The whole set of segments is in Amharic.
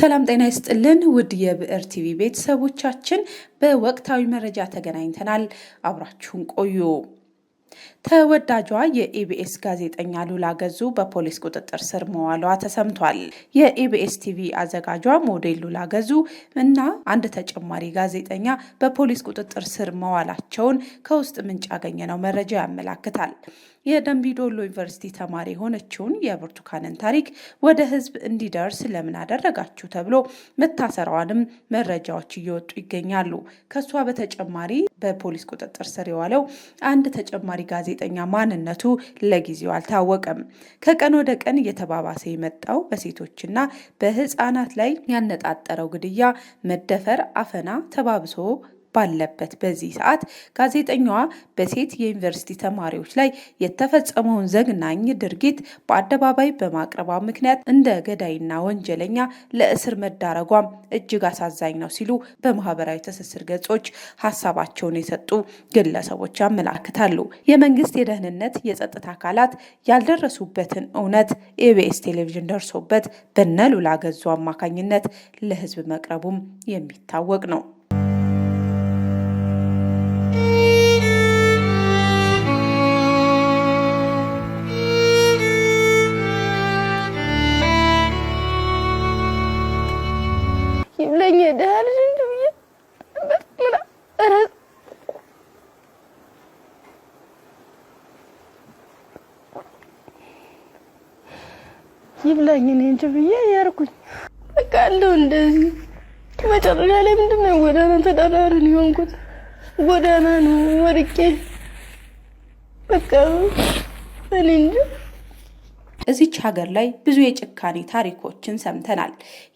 ሰላም ጤና ይስጥልን ውድ የብዕር ቲቪ ቤተሰቦቻችን፣ በወቅታዊ መረጃ ተገናኝተናል። አብራችሁን ቆዩ። ተወዳጇ የኢቢኤስ ጋዜጠኛ ሉላ ገዙ በፖሊስ ቁጥጥር ስር መዋሏ ተሰምቷል። የኢቢኤስ ቲቪ አዘጋጇ ሞዴል ሉላ ገዙ እና አንድ ተጨማሪ ጋዜጠኛ በፖሊስ ቁጥጥር ስር መዋላቸውን ከውስጥ ምንጭ ያገኘነው መረጃ ያመላክታል። የደንቢዶሎ ዩኒቨርሲቲ ተማሪ የሆነችውን የብርቱካንን ታሪክ ወደ ህዝብ እንዲደርስ ለምን አደረጋችሁ ተብሎ መታሰሯንም መረጃዎች እየወጡ ይገኛሉ። ከእሷ በተጨማሪ በፖሊስ ቁጥጥር ስር የዋለው አንድ ተጨማሪ ጋዜጠኛ ማንነቱ ለጊዜው አልታወቀም። ከቀን ወደ ቀን እየተባባሰ የመጣው በሴቶችና በህፃናት ላይ ያነጣጠረው ግድያ፣ መደፈር፣ አፈና ተባብሶ ባለበት በዚህ ሰዓት ጋዜጠኛዋ በሴት የዩኒቨርሲቲ ተማሪዎች ላይ የተፈጸመውን ዘግናኝ ድርጊት በአደባባይ በማቅረቧ ምክንያት እንደ ገዳይና ወንጀለኛ ለእስር መዳረጓም እጅግ አሳዛኝ ነው ሲሉ በማህበራዊ ትስስር ገጾች ሀሳባቸውን የሰጡ ግለሰቦች ያመላክታሉ። የመንግስት የደህንነት የጸጥታ አካላት ያልደረሱበትን እውነት ኤቢኤስ ቴሌቪዥን ደርሶበት በነሉላ ገዙ አማካኝነት ለህዝብ መቅረቡም የሚታወቅ ነው። ይብላኝ እኔ እንጂ ብዬ ያርኩኝ በቃ አለው። እንደዚህ መጨረሻ ላይ ምንድን ነው ጎዳና ተዳዳሪን የሆንኩት ጎዳና ነው ወርቄ በቃ እኔ እንጂ እዚች ሀገር ላይ ብዙ የጭካኔ ታሪኮችን ሰምተናል።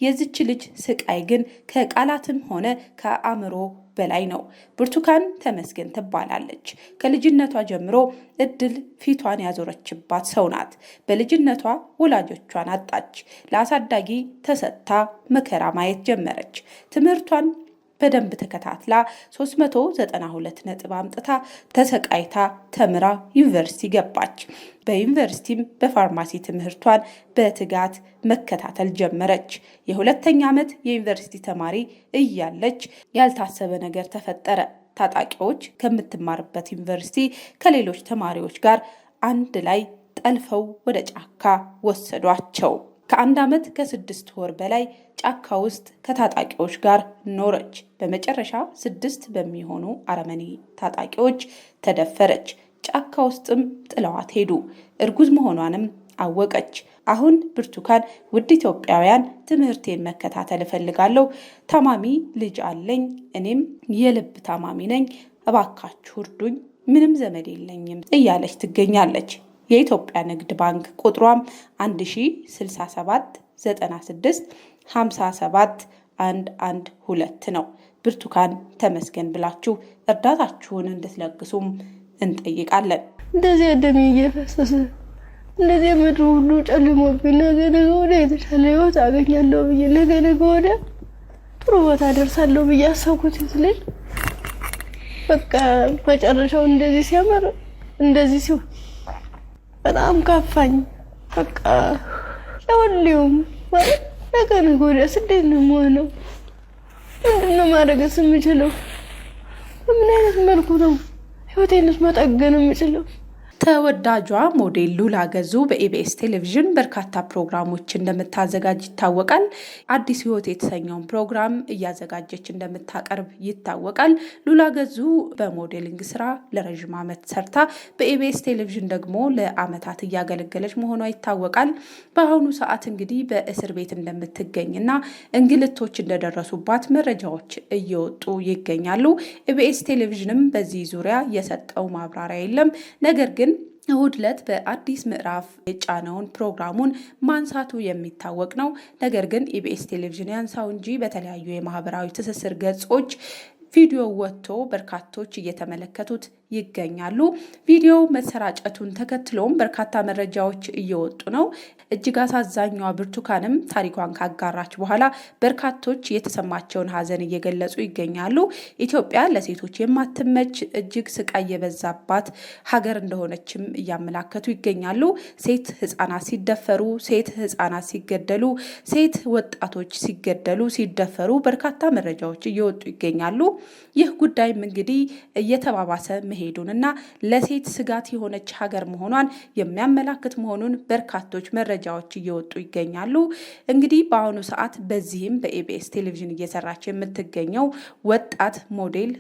የዚች ልጅ ስቃይ ግን ከቃላትም ሆነ ከአእምሮ በላይ ነው። ብርቱካን ተመስገን ትባላለች። ከልጅነቷ ጀምሮ እድል ፊቷን ያዞረችባት ሰው ናት። በልጅነቷ ወላጆቿን አጣች። ለአሳዳጊ ተሰጥታ መከራ ማየት ጀመረች። ትምህርቷን በደንብ ተከታትላ 392 ነጥብ አምጥታ ተሰቃይታ ተምራ ዩኒቨርሲቲ ገባች። በዩኒቨርሲቲም በፋርማሲ ትምህርቷን በትጋት መከታተል ጀመረች። የሁለተኛ ዓመት የዩኒቨርሲቲ ተማሪ እያለች ያልታሰበ ነገር ተፈጠረ። ታጣቂዎች ከምትማርበት ዩኒቨርሲቲ ከሌሎች ተማሪዎች ጋር አንድ ላይ ጠልፈው ወደ ጫካ ወሰዷቸው። ከአንድ ዓመት ከስድስት ወር በላይ ጫካ ውስጥ ከታጣቂዎች ጋር ኖረች። በመጨረሻ ስድስት በሚሆኑ አረመኔ ታጣቂዎች ተደፈረች። ጫካ ውስጥም ጥለዋት ሄዱ። እርጉዝ መሆኗንም አወቀች። አሁን ብርቱካን ውድ ኢትዮጵያውያን ትምህርቴን መከታተል እፈልጋለሁ፣ ታማሚ ልጅ አለኝ፣ እኔም የልብ ታማሚ ነኝ፣ እባካችሁ እርዱኝ፣ ምንም ዘመድ የለኝም እያለች ትገኛለች። የኢትዮጵያ ንግድ ባንክ ቁጥሯም 1067 96 57 112 ነው። ብርቱካን ተመስገን ብላችሁ እርዳታችሁን እንድትለግሱም እንጠይቃለን። እንደዚህ ደሜ እየፈሰሰ እንደዚህ ምድር ሁሉ ጨልሞብኝ ነገ ነገ ወዲያ የተሻለ ህይወት አገኛለሁ ብዬ ነገ ነገ ወዲያ ጥሩ ቦታ ደርሳለሁ ብዬ አሰብኩት ስልል በቃ መጨረሻው እንደዚህ ሲያምር እንደዚህ ሲሆን በጣም ካፋኝ። በቃ ለሁሌውም ማለት ነገ ነገ ወዲያስ እንዴት ነው የምሆነው? ምንድን ነው ማድረግስ የምችለው? በምን አይነት መልኩ ነው ህይወቴንስ መጠገን የምችለው? ተወዳጇ ሞዴል ሉላ ገዙ በኢቢኤስ ቴሌቪዥን በርካታ ፕሮግራሞች እንደምታዘጋጅ ይታወቃል። አዲስ ሕይወት የተሰኘውን ፕሮግራም እያዘጋጀች እንደምታቀርብ ይታወቃል። ሉላ ገዙ በሞዴሊንግ ስራ ለረዥም ዓመት ሰርታ በኢቢኤስ ቴሌቪዥን ደግሞ ለዓመታት እያገለገለች መሆኗ ይታወቃል። በአሁኑ ሰዓት እንግዲህ በእስር ቤት እንደምትገኝና እንግልቶች እንደደረሱባት መረጃዎች እየወጡ ይገኛሉ። ኢቢኤስ ቴሌቪዥንም በዚህ ዙሪያ የሰጠው ማብራሪያ የለም። ነገር ግን እሁድ ዕለት በአዲስ ምዕራፍ የጫነውን ፕሮግራሙን ማንሳቱ የሚታወቅ ነው። ነገር ግን ኢቢኤስ ቴሌቪዥን ያንሳው እንጂ በተለያዩ የማህበራዊ ትስስር ገጾች ቪዲዮ ወጥቶ በርካቶች እየተመለከቱት ይገኛሉ። ቪዲዮው መሰራጨቱን ተከትሎም በርካታ መረጃዎች እየወጡ ነው። እጅግ አሳዛኛዋ ብርቱካንም ታሪኳን ካጋራች በኋላ በርካቶች የተሰማቸውን ሀዘን እየገለጹ ይገኛሉ። ኢትዮጵያ ለሴቶች የማትመች እጅግ ስቃይ የበዛባት ሀገር እንደሆነችም እያመላከቱ ይገኛሉ። ሴት ህጻናት ሲደፈሩ፣ ሴት ህጻናት ሲገደሉ፣ ሴት ወጣቶች ሲገደሉ፣ ሲደፈሩ በርካታ መረጃዎች እየወጡ ይገኛሉ። ይህ ጉዳይም እንግዲህ እየተባባሰ መሄድ መሄዱንና ለሴት ስጋት የሆነች ሀገር መሆኗን የሚያመላክት መሆኑን በርካቶች መረጃዎች እየወጡ ይገኛሉ። እንግዲህ በአሁኑ ሰዓት በዚህም በኤቢኤስ ቴሌቪዥን እየሰራች የምትገኘው ወጣት ሞዴል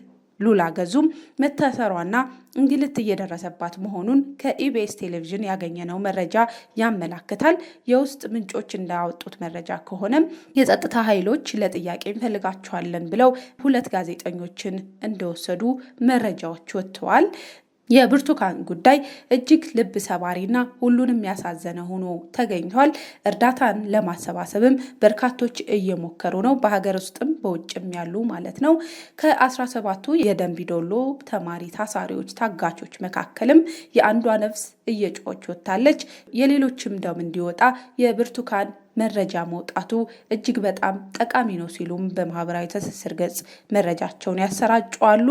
ሉላ ገዙም መታሰሯና እንግልት እየደረሰባት መሆኑን ከኢቢኤስ ቴሌቪዥን ያገኘነው መረጃ ያመላክታል። የውስጥ ምንጮች እንዳወጡት መረጃ ከሆነም የጸጥታ ኃይሎች ለጥያቄ እንፈልጋቸዋለን ብለው ሁለት ጋዜጠኞችን እንደወሰዱ መረጃዎች ወጥተዋል። የብርቱካን ጉዳይ እጅግ ልብ ሰባሪና ሁሉንም ያሳዘነ ሆኖ ተገኝቷል። እርዳታን ለማሰባሰብም በርካቶች እየሞከሩ ነው፣ በሀገር ውስጥም በውጭም ያሉ ማለት ነው። ከ17ቱ የደንቢዶሎ ተማሪ ታሳሪዎች ታጋቾች መካከልም የአንዷ ነፍስ እየጮች ወጥታለች። የሌሎችም ደም እንዲወጣ የብርቱካን መረጃ መውጣቱ እጅግ በጣም ጠቃሚ ነው ሲሉም በማህበራዊ ትስስር ገጽ መረጃቸውን ያሰራጫሉ።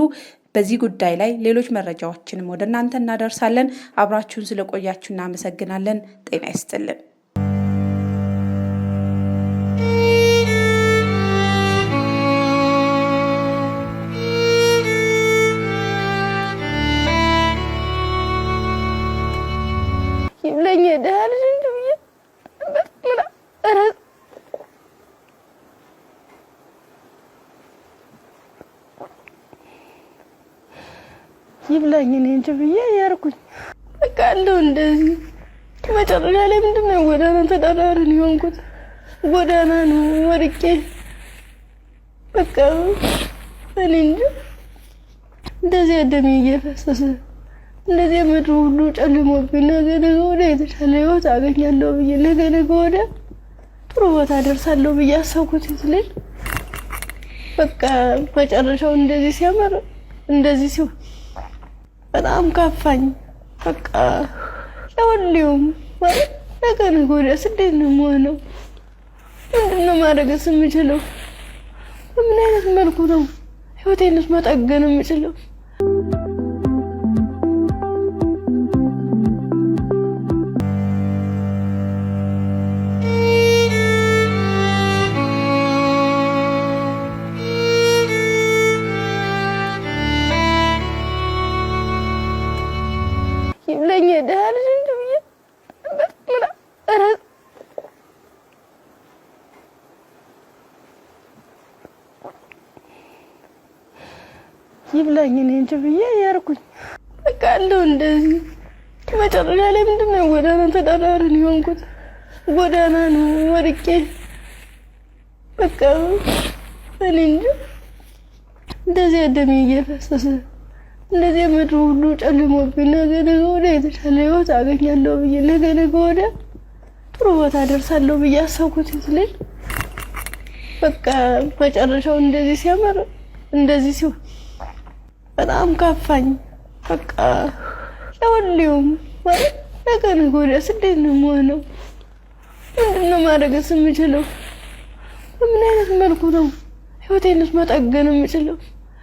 በዚህ ጉዳይ ላይ ሌሎች መረጃዎችንም ወደ እናንተ እናደርሳለን። አብራችሁን ስለቆያችሁ እናመሰግናለን። ጤና ይስጥልን። ይብለኝ ደህና ልጅ እንደውዬ ይብላኝ እኔ እንጂ ብዬ ያርኩኝ በቃ አለው እንደዚህ መጨረሻ ላይ ምንድን ነው ጎዳና ተዳዳሪን የሆንኩት ጎዳና ነው ወድቄ በቃ እኔ እንጂ እንደዚህ ደሜ እየፈሰሰ እንደዚህ ምድሩ ሁሉ ጨልሞብኝ ነገ ነገ ወዲያ የተሻለ ህይወት አገኛለሁ ብዬ ነገ ነገ ወዲያ ጥሩ ቦታ ደርሳለሁ ብዬ አሰብኩት ስልል በቃ መጨረሻው እንደዚህ ሲያምር እንደዚህ ሲሆን በጣም ካፋኝ። በቃ ለሁሌውም ማለት ነገ ነገ ወዲያስ እንዴት ነው የምሆነው? ምንድን ነው ማድረግስ የምችለው? በምን አይነት መልኩ ነው ህይወቴንስ መጠገን የምችለው? ይብላኝ እኔ እንጂ ብዬ ያርኩኝ በቃ አለው እንደዚህ። መጨረሻ ላይ ምንድን ነው ጎዳና ተዳዳሪን የሆንኩት ጎዳና ነው ወድቄ በቃ እኔ እንጂ እንደዚህ ደሜ እየፈሰሰ እንደዚህ ምድሩ ሁሉ ጨልሞብኝ ነገ ነገ ወደ የተሻለ ህይወት አገኛለሁ ብዬ ነገ ነገ ወደ ጥሩ ቦታ ደርሳለሁ ብዬ አሰብኩት ስልል በቃ መጨረሻው እንደዚህ ሲያምር እንደዚህ ሲሆን በጣም ካፋኝ። በቃ ለወሌውም ማለት ነገ ነገ ወዲያስ እንዴት ነው የምሆነው? ምንድን ነው ማድረግስ የምችለው? በምን አይነት መልኩ ነው ህይወቴንስ መጠገን የምችለው?